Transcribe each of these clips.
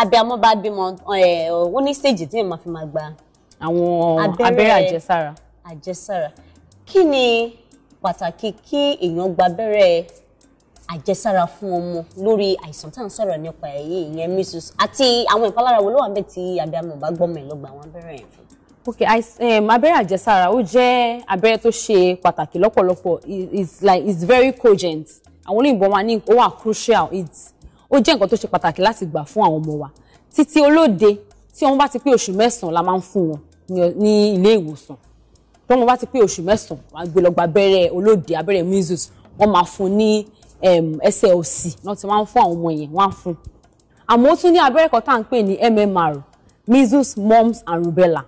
abiyamọ bá bímọ ó ní stage tí èèyàn fi máa gba àwọn abẹ́rẹ́ àjẹsára. àjẹsára kí ni pàtàkì kí èèyàn gba abẹ́rẹ́ àjẹsára fún ọmọ lórí àìsàn tá à ń sọ̀rọ̀ nípa èyí ìyẹn measles àti àwọn ìpalára wo ló wà bẹ́ẹ̀ tí abiyamọ bá gbọ́mọ ẹ̀ àwọn abẹ́rẹ́ yẹn fún. ok um, abẹ́rẹ́ àjẹsára ó jẹ́ abẹ́rẹ́ tó ṣe pàtàkì lọ́pọ̀lọpọ̀ it's like it's very cogent àwọn olóyìnbó máa ní ó wà crucial it's ó jẹ́ nǹkan tó ṣe pàtàkì láti gbà fún àwọn ọmọ wa títí olóde tí wọ́n bá ti pé oṣù mẹ́sàn-án la máa ń fún wọn ní ilé ìwòsàn tí wọ́n bá ti pé oṣù mẹ́sàn-án wọ́n á gbé lọ gba abẹ́rẹ́ olóde abẹ́rẹ́ measles wọ́n máa fún ní ẹsẹ̀ òsì náà ti máa ń fún àwọn ọmọ yẹn wọ́n á fún àmọ́ ó tún ní abẹ́rẹ́ kan tá à ń pè ní MMR measles mumps and rubella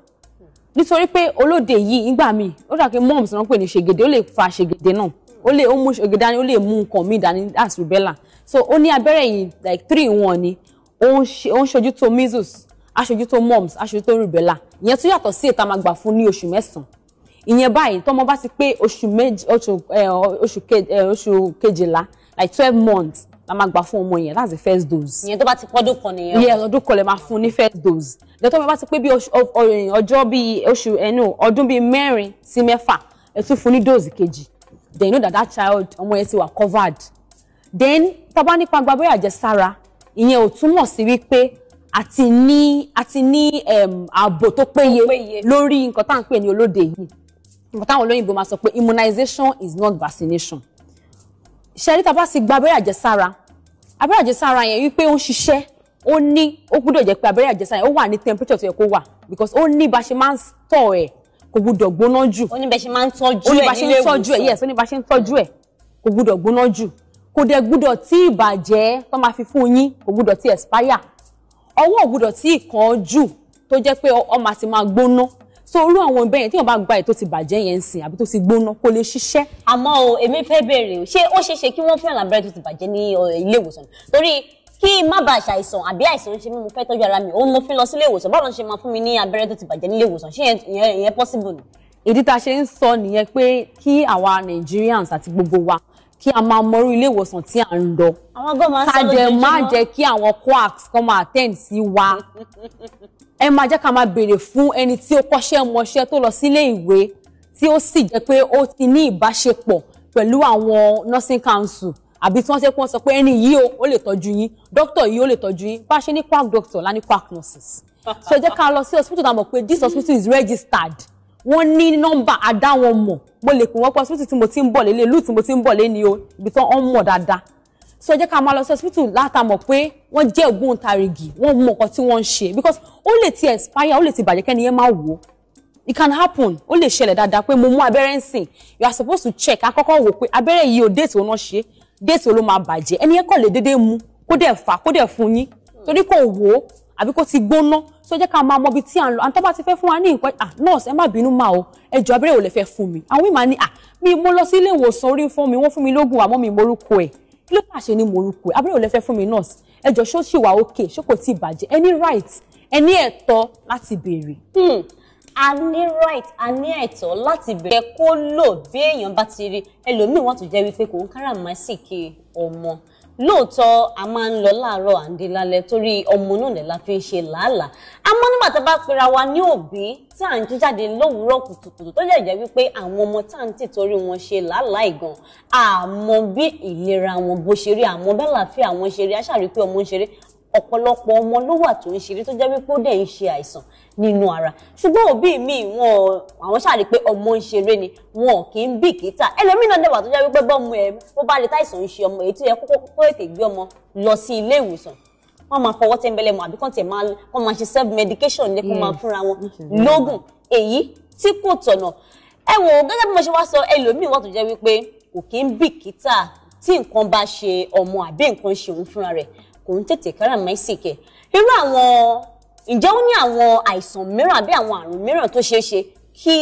nítorí pé olóde yìí nígbà míì ó dà pé mumps náà pè ní ṣègèdè ó lè fa ṣègèdè náà ó lè ó mú oge dání ó lè mú nǹkan míì dání that's rubella so ó ní abẹ́rẹ́ yìí like three in one ni ó ń ṣojú tó measles aṣojú tó mumps aṣojú tó rubella ìyẹn tó yàtọ̀ sí ètò àmàgbà fún ní oṣù mẹ́sàn-án ìyẹn báyìí tọ́mọ bá ti pé oṣù méjì oṣù kejìlá like twelve months la máa gbà fún ọmọ yẹn that's the first dose. ìyẹn tó bá ti pọ́dún kan nìyẹn. yes ọdún kan lè máa fún ní first dose. lẹ́tọ́ mi bá ti pé bí ọjọ́ bíi oṣù ẹnu ọdún bíi mẹ́rin sí mẹ́fà ẹ tún fún ní dose kejì then you know that that child ọmọ yẹn ti wà covered then tọ́ba nípa gbàgbé àjẹsára ìyẹn ò túmọ̀ sí wípé àti ní àti ní um, ààbò tó péye lórí nǹkan tá à ń pè ní olóde yìí nǹkan táwọn olóyìnbó máa sọ pé immunization is not vaccination ṣẹ́rí tá a bá sì gba abẹ́rẹ́ àjẹsára abẹ́rẹ́ àjẹsára yẹn wípé ó ń ṣiṣẹ́ ó ní ó gbúdọ̀ jẹ́ pé abẹ́rẹ́ àjẹsára yẹn ó wà ní temperature tó yẹ kó wà because ó ní bá ṣe máa ń store ẹ̀ kò gbúdọ̀ gbóná jù. ó ní bẹ ṣe máa ń tọ́jú ẹ̀ nílé ìwòsàn yes ó ní bá ṣe ń tọ́jú ẹ̀ kò gbúdọ̀ gbóná jù kò dẹ̀ gbúdọ̀ tí ì tó máa fi fún yín kò gbúdọ̀ tí expire ọwọ́ gbúdọ̀ tí ì kàn jù tó jẹ́ pé ọmọ àti máa gbóná so irú àwọn ibẹ̀ yẹn tí wọ́n bá gba ètò ti bàjẹ́ yẹn ń sìn àbí tó ti gbóná kó lè ṣiṣẹ́. àmọ́ o èmi fẹ́ o ṣé ó kí má bàa ṣàìsàn àbí àìsàn ń ṣe mí mo fẹ́ tọ́jú ara mi òun mo fi lọ sílé ìwòsàn báwo ló ń ṣe máa fún mi ní abẹ́rẹ́ tó ti bàjẹ́ nílé ìwòsàn ṣé ìyẹn possible ni. ìdí tá a ṣe ń sọ nìyẹn pé kí àwa Nigerians àti gbogbo wa kí a máa mọrú ilé ìwòsàn tí à ń lọ. àwọn gbọ́dọ̀ máa ń sọ lójoojúmọ́ ká jẹ má jẹ́ kí àwọn quacks kan máa attend sí wa. ẹ máa jẹ́ ká máa béèrè fún ẹni tí ó kọ́ṣẹ́ mọṣẹ́ tó lọ sílé ìwé tí ó sì jẹ́ pé ó ti ní ìbáṣepọ̀ pẹ̀lú àwọn nursing council àbí tí wọ́n ṣe pé wọ́n sọ pé ẹni yìí ó lè tọ́jú yín dókítà yìí ó lè tọ́jú yín bá ṣe ní quack doctor lá ní quack nurses so jẹ́ ká lọ sí hospital tá a mọ̀ pé this hospital is registered wọ́n ní nọ́mbà àdá wọn mọ̀ mo lè pè wọ́n pé hospital tí mo ti ń bọ̀ lélẹ̀ ìlú tí mo ti ń bọ̀ lé ni o ibi tí wọ́n mọ̀ dáadáa so jẹ́ ká máa lọ sí hospital látàmọ̀ pé wọ́n jẹ́ ògbóǹtarìgì wọ́n mọ̀ nǹkan tí wọ́n ń ṣe because ó lè ti expire ó lè ti bàjẹ́ kẹ́ni máa wò ó it can happen ó lè ṣẹlẹ̀ dáadáa pé mo mú abẹ́rẹ́ ń sìn you are supposed to check akọ́kọ́ wò pé abẹ́rẹ́ yìí ò déètì òun náà ṣe déètì ló máa bàjẹ́ ẹni yẹn kàn lè dédé mu kó dẹ̀ fà kó dẹ̀ fún yín torí kò wò ó àbí kó ti gbóná tó jẹ́ ká máa mọ ibi tí à ń lọ àtọ́ bá ti fẹ́ fún wa ní nǹkan ah nurse ẹ má bínú máa o ẹ jọ abẹ́rẹ́ ò lè fẹ́ fún mi àwọn ìmọ̀ ni ah mi mo lọ sí ilé ìwòsàn orí fún mi wọ́n fún mi lóògùn àmọ́ mi morúkọ ẹ̀ kí ló pàṣẹ ní morúkọ ẹ̀ abẹ́rẹ́ ò lè fẹ́ fún mi nurse ẹ jọ ṣó ṣì wà okay ṣó kò tí ì bàjẹ́ ẹ ní right ẹ ní ẹ̀tọ́ láti béèrè hmm a ní right a ní ẹ̀tọ́ láti bẹ̀rẹ̀ kó lò bí èèyàn bá ti rí ẹlòmíì wọ́n tó jẹ́ wípé kò ń káràmásìkì ọmọ lóòótọ́ a máa ń lọ láàárọ̀ àǹdí lálẹ́ torí ọmọ náà lè la fi ń ṣe làálàá àmọ́ nígbà tá a bá pera wa ní òbí tí à ń jí jáde lówùúrọ̀ kùtùkùtù tó lè jẹ́ wípé àwọn ọmọ tá à ń tì torí wọn ṣe làálàá ìgàn àmọ́ bí ìlera wọn bó ṣe rí àmọ́ bẹ́ẹ̀ làáfíà wọn ṣe rí aṣáàrí pé ọmọ ń ṣeré ọ̀pọ̀lọpọ̀ ọmọ ló wà tó ń ṣeré tó jẹ́ wípé ó dẹ̀ ń ṣe àìsàn nínú ara ṣùgbọ́n òbí mi wọn àwọn ṣáà rí i pé ọmọ ń ṣeré ni wọn kì í bìkítà ẹlòmíràn dẹ̀ wà tó jẹ́ wípé bọ́mọ ẹ bó bá lè táìsàn ń ṣe ọmọ èyí tó yẹ kókó kó ètè gbé ọmọ lọ sí ilé ìwòsàn wọn máa fọwọ́ tẹ́ńbẹ́lẹ́ mọ́ àbí kàn tiẹ̀ máa kàn máa ṣe self medication lé kó máa fúnra wọn lógùn èyí tí kò tọ̀nà ẹ wò gẹ́gẹ́ bí mo ṣe wá sọ ẹlòmíì wà tó jẹ́ wípé kò kí ń bìkítà tí nǹkan bá ṣe ọmọ àbí nǹkan ṣe òun fúnra rẹ̀ kò ń tètè kára mẹ́sìkẹ̀ irú àwọn ǹjẹ́ ó ní àwọn àìsàn mìíràn àbí àwọn àrùn mìíràn tó ṣeé ṣe kí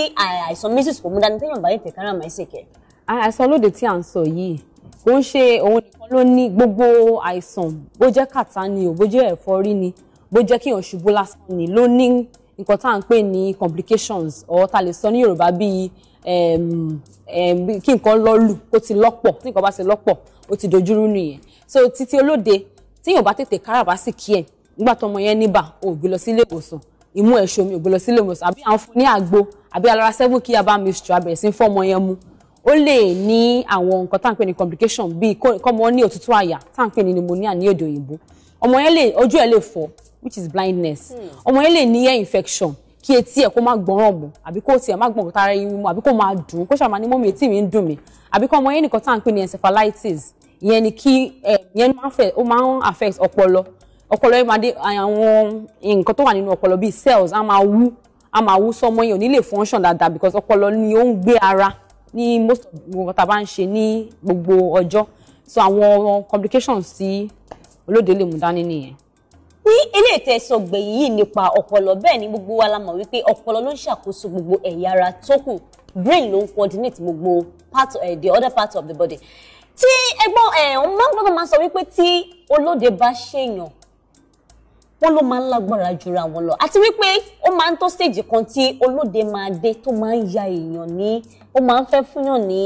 àìsàn measles kò mú dání téèyàn bá lè tẹ̀ kára mẹ́sìkẹ̀. àìsàn lóde tí à ń sọ yìí kò ń ṣe òun nìkan ló ní gbogbo àìsàn bó jẹ́ kàtá ni ò bó jẹ́ ẹ̀fọ́rí ni bó jẹ́ kíyàn ṣubú lásán ni ló ní nǹkan tá à ń pè ní complications ọ̀ ta lè sọ ní Yorùbá bíi kí nǹkan lọ lù kó ti lọ́pọ̀ tí nǹkan bá ti lọ́pọ̀ ó ti dojúrú nìyẹn so títí olóde téèyàn bá tètè káràbá sì kí ẹ nígbà tọmọ yẹn níbà ò gbé lọ sílé ìwòsàn ìmú ẹ̀ṣọ́ mi ò gbé lọ sílé ìwòsàn àbí àwọn fún ní àgbo àbí alára seven kí abá mixture abẹ̀rẹ̀ sí fọ́mọ yẹn mu ó lè ní àwọn nǹkan tá à ń pè ní complication bíi kọ́mọ ní òtútù àyà tá à ń pè ní pneumonia ní èdè òyìnbó ọmọ yẹn lè ojú ẹ̀ lè fọ́ which is blindness hmm. ọmọ yẹn lè ní ear infection kí etí ẹ̀ kó má gbọ́ràn mọ́ àbí kó tiẹ̀ má gbọ́n tara yín mú àbí kó máa dùn kó ṣàmà ní mọ́mí etí mi ń dùn mí àbí kọ́ ọmọ yẹn nìkan tá à ń pè ní encephalitis yẹn ni kí yẹn ó máa ń affect ọpọlọ ọpọlọ yẹn máa dé àwọn nǹkan tó wà nínú ọpọlọ bíi cells á máa wú á máa wú sọmọ yẹn ò ní lè function dáadáa because ọpọlọ ni ó ń gbé ara ní most of nǹkan tá a bá ń ṣe ní gbogbo ọjọ́ so àwọn complications tí olóde lè mú dání nìyẹn ní ilé ìtẹ̀sọ̀ gbẹ̀yìn yìí nípa ọpọlọ bẹ́ẹ̀ ni gbogbo wa la mọ̀ wípé ọpọlọ ló ń ṣàkóso gbogbo ẹ̀yà ara tó kù brain ló ń coordinate gbogbo part of eh, the other part of the body tí ẹ̀gbọ́n ẹ ọmọ náà máa sọ wípé tí olóde bá ṣèyàn wọn ló máa ń lágbára jura wọn lọ àti wípé ó máa ń tó stage kan tí olóde máa dé tó máa ń ya èèyàn ní ó máa ń fẹ́ fúnyàn ní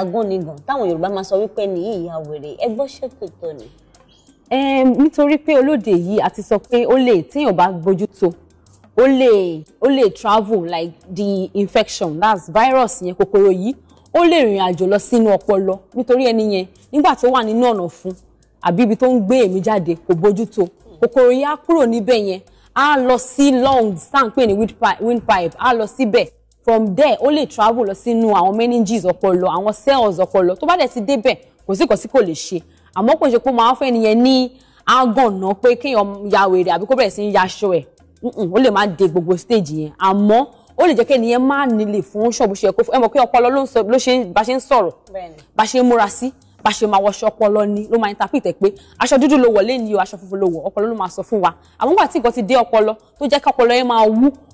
agúnnigàn táwọn Yorùbá máa sọ wípé nìyí ìyá wèrè ẹ̀gbọ́n ṣètò ni. nítorí pé olóde yìí a ti sọ pé ó lè téèyàn bá gbójú ó lè ó lè travel like the infection that's virus yẹn kòkòrò yìí ó lè rìnrìn àjò lọ sínú ọpọlọ nítorí ẹni yẹn nígbà tó wà nínú ọ̀nà fún àbí ibi tó ń gbé èmi jáde kò bójútó kòkòrò yẹn kúrò níbẹ̀ yẹn á lọ sí lungs tá à ń pè ní windpipe á lọ síbẹ̀ from there ó lè travel lọ sínú àwọn meninges ọpọlọ àwọn cells ọpọlọ tó bá dẹ̀ ti débẹ̀ kò sí kòsí kò lè ṣe àmọ́ kò ṣe pé máa fẹ́ nìyẹn ní àgànná pé kéèyàn ya wèrè àbí kó bẹ̀rẹ̀ sí ń yaṣọ ẹ̀ ó lè má de gbogbo stage yẹn àmọ́ ó lè jẹ́ kí ènìyàn má nílè fún ṣọ́ọ̀bù ṣe ẹ̀kọ́ ẹ mọ̀ pé ọpọlọ ló ṣe bá ṣe ń sọ̀rọ̀ bá ṣe ń múra sí bá ṣe máa wọṣọ ọpọlọ ni ló máa ń tapìtẹ̀ pé aṣọ dúdú ló wọlé ni o aṣọ funfun ló wọ ọpọlọ ló máa sọ fún wa àwọn ìgbà tí nǹkan ti dé ọpọlọ tó jẹ́ kí yẹn máa wú